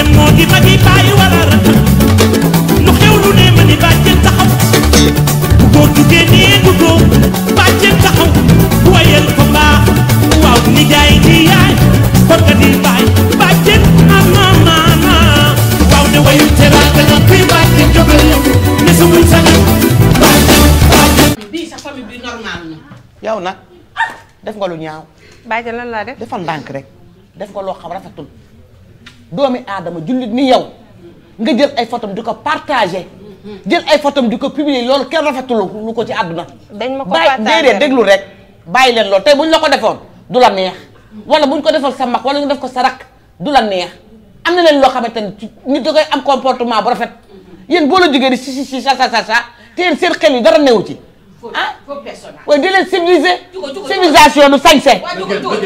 dem moo di magi bàyyi wala rak xew lu ne ma ni bàjjen taxaw bu góor duggee nii du doom bàjjen taxaw wayal ko mbaax waaw ni jaay di yaay kon di baay bàjjen ama maama waaw de wayu teraanga la kuy bàjjen jógal yow ne sumul sa nag bàjjen bàjjen bii sa famille bi normal na yow nag def nga lu ñaaw bàjjen lan laa def defal ndànk rek def nga loo xam rafetul doomi aadama jullit ni yow nga jël ay photom di ko partagé jël ay photom di ko publier loolu kenn rafetulu lu ko ci àdduna dañ ma ko partagé déedéet déglu rek bàyyi leen loolu tey buñ la ko defoon du la neex wala buñ ko defal sa mag wala ñu def ko sa rak du la neex am na leen loo xamante ni nit da koy am comportement bu rafet yéen boo la jógee di si si si sa sa sa sa te yéen seen xel yi dara newu ci ah waaye di leen civiliser civilisation du sañse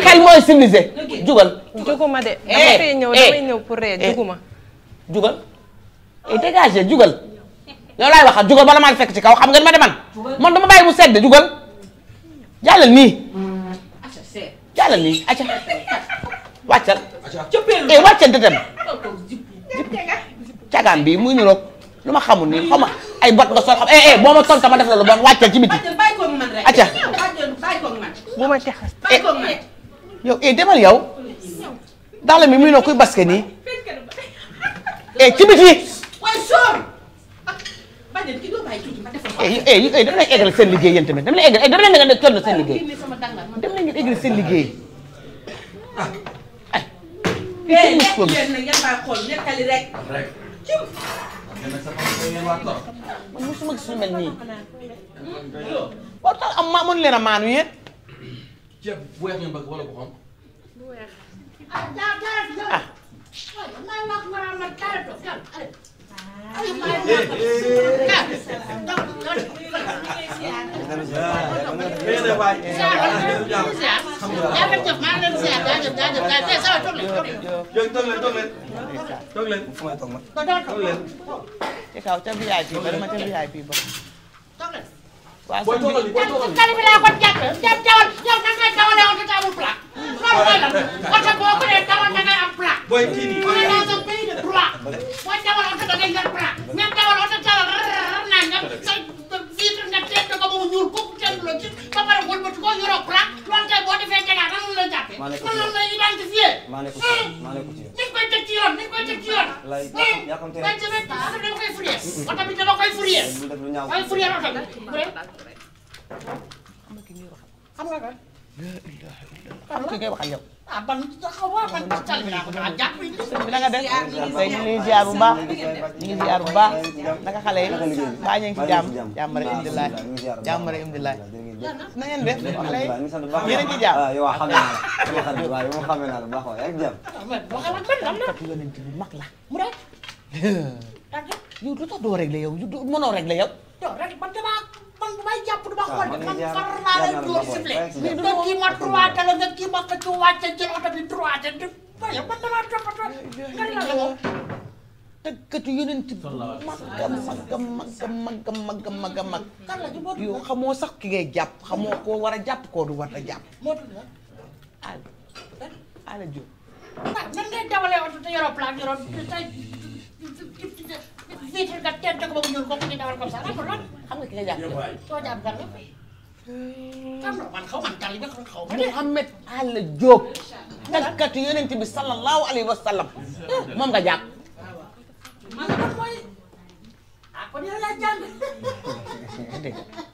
xel mooy civilisé jugal juguma de. Eh, dama fay ñëw damay eh, ñëw pour ree juguma. Eh. jugal eh dégagé jugal yow jugal bala maa fekk ci kaw xam nga ni ma deman man dama bàyyi mu sedd jugal jàllal nii. Mm. jàllal nii acca wàccal. eh wàccal te dem. cagaan bi muy niroog lu ma xamul nii xaw ma xam eh eh boo ma tontu ma def la lu bon wàccal ci biti. acca bu ma caxas. yow eh demal yow. daala mi muy noo kuy baske nii e ci biti eh yi eh dama leen eggal seen liggéey yéen tamit dama leen eggal dama leen nga ne toll na seen liggéey dama leen man nii. waaw tax am ma mënu leen a maanu yéen. bu ah. toog leen. ca kaw ca VIP ba dama ca VIP ba. waaw booy toogal booy toogal bi tali bi laa ko jàpp jàpp jawal yow nan ngay dawalee woon te amul plat. loolu mooy lan oto boo ko dee dawal da ngay am plat. booy kii nii on est dans un pays de droit booy dawal oto da ngay yor plat même dawal oto dawal rararararar naa nga sa vitre nga teel ko ba mu ñuul kooku teel loo gis ba pare wëlbati ko yoroo plat loolu kay boo defee jagaar nan la jàppee. maa nekk ci yoon maa nekk ci yoon maa nekk ci yoon. Hmm. ni ñu koy teg ci yoon ni ñu koy teg ci yoon. mais man je vais pas oto bi dama koy fourrière. oto bi dama koy fourrière. waaye fourrière oto bi bu dee. xam nga kan. xam nga kay waxal yow. ah ban xaw ma ban ci tali bi laa ko daal jàpp yi. sëñ bi na nga def tey ñu ngi ziar bu baax ñu ngi ziar bu baax naka xale yi baa ñu ngi ci jàmm jàmm di alhamdulilah jàmm rek alhamdulilah na ngeen def xale yi yéen a ngi ci jàmm. waaw ah, yow xam naa la waaw yow xam naa la baax waaye ak jàmm. boo la mu rek. may jàpp du ma xool ah, de man far naa la door sifflé nga kii ma droite la nga kii ma xëcc wàcce jël oto bi droite di waaye man damaa toppatoo ngari la la moom tëggatu yonent bi magga magga magga magga magga magga mag yow xamoo sax ki ngay jàpp xamoo koo war a jàpp koo du war a jàpp moo tudd al ala Diop waaw ah, nan ngay dawalee oto te yoroo plan yoroo tey vitre nga teel ko ba mu ñuul kooku ñu dawal comme ça la pour loolu xam nga ki nga jàpp soo jàpp kan la am na man xaw man tàll bi xaw ma de Mouhamed Alla Diop takkatu yonent bi sallallahu alayhi wa sallam moom nga jàpp man mooy ah kon yow yaa jàng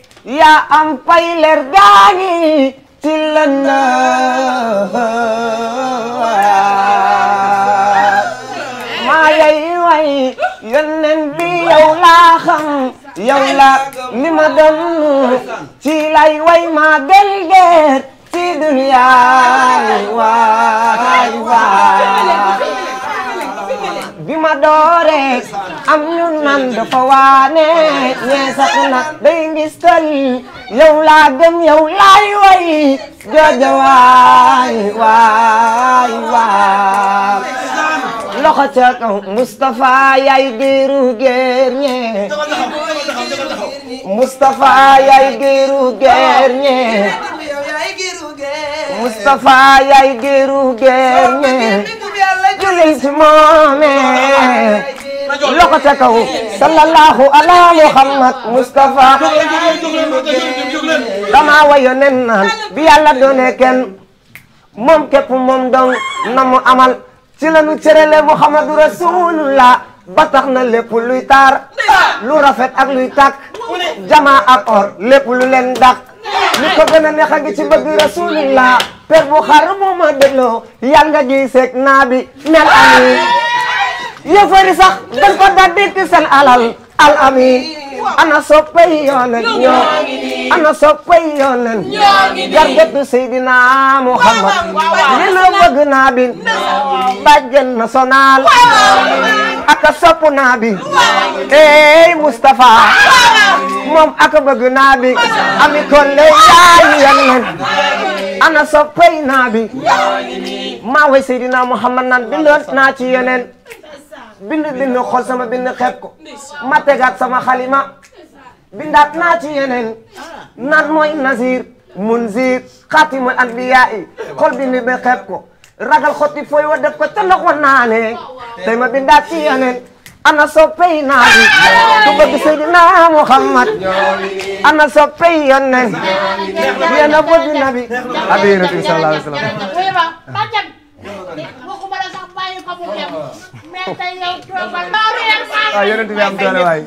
yaa am leer gaa ngi ci lëndëm maa yay way yónneen bi yow laa xam yow li ma doon ci lay way maa gël geer ci waay waay bi ma dooree am ñun man dafa waane ñee sax nag day ngis tal yow laa gëm yow laay way jooja waay waay waay loxo ca kaw Moustapha yaay géeru loxo ca kaw sallallahu ala muhammad mustafa dama wayo nen naan bi yàlla moom képp moom dong na amal ci la nu cërale muhammadu rasulullah ba na lépp luy taar lu rafet ak luy tàkk jamaa ak or lépp lu leen dàq ko gën a neex a ci bëgg rasulullah per bu xar ma dégloo yàlla nga gisee naa bi mel ami yëfari sax dañ ko da dikki seen alal al ami ana soppay yoonen ñoo ana soppay yoonen jarbatu Seydina Muhammad li la bëgg naa bi bàjjen national aka sopp naa ey Moustapha moom aka bëgg naa ami kolle yaayu yoonen ana soppay naa maa way Seydina Muhammad nan bi naa ci yoonen bind bind xool sama bind xeeb ko ma tegaat sama xalima bindaat naa ci yeneen ah. naan mooy nazir munzir xaatimul anbiyaa'i xol bind ba xeeb ko ragal xotti fooy wa def ko te ndox wa naane tey ma bindaat ci yeneen ana soppey naa bi ku bëgg Seydina Muhammad ana soppey yeneen yéen a bëgg nabi alayhi salaam xamul yem mais tey yow toogal loolu yem waaw yonent bi am doole waay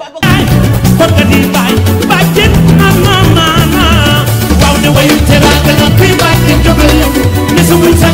xolkati baay bàjjen amamaana waaw ne wayu teraanga la koy bàjjen jógal ne sa wuñ sa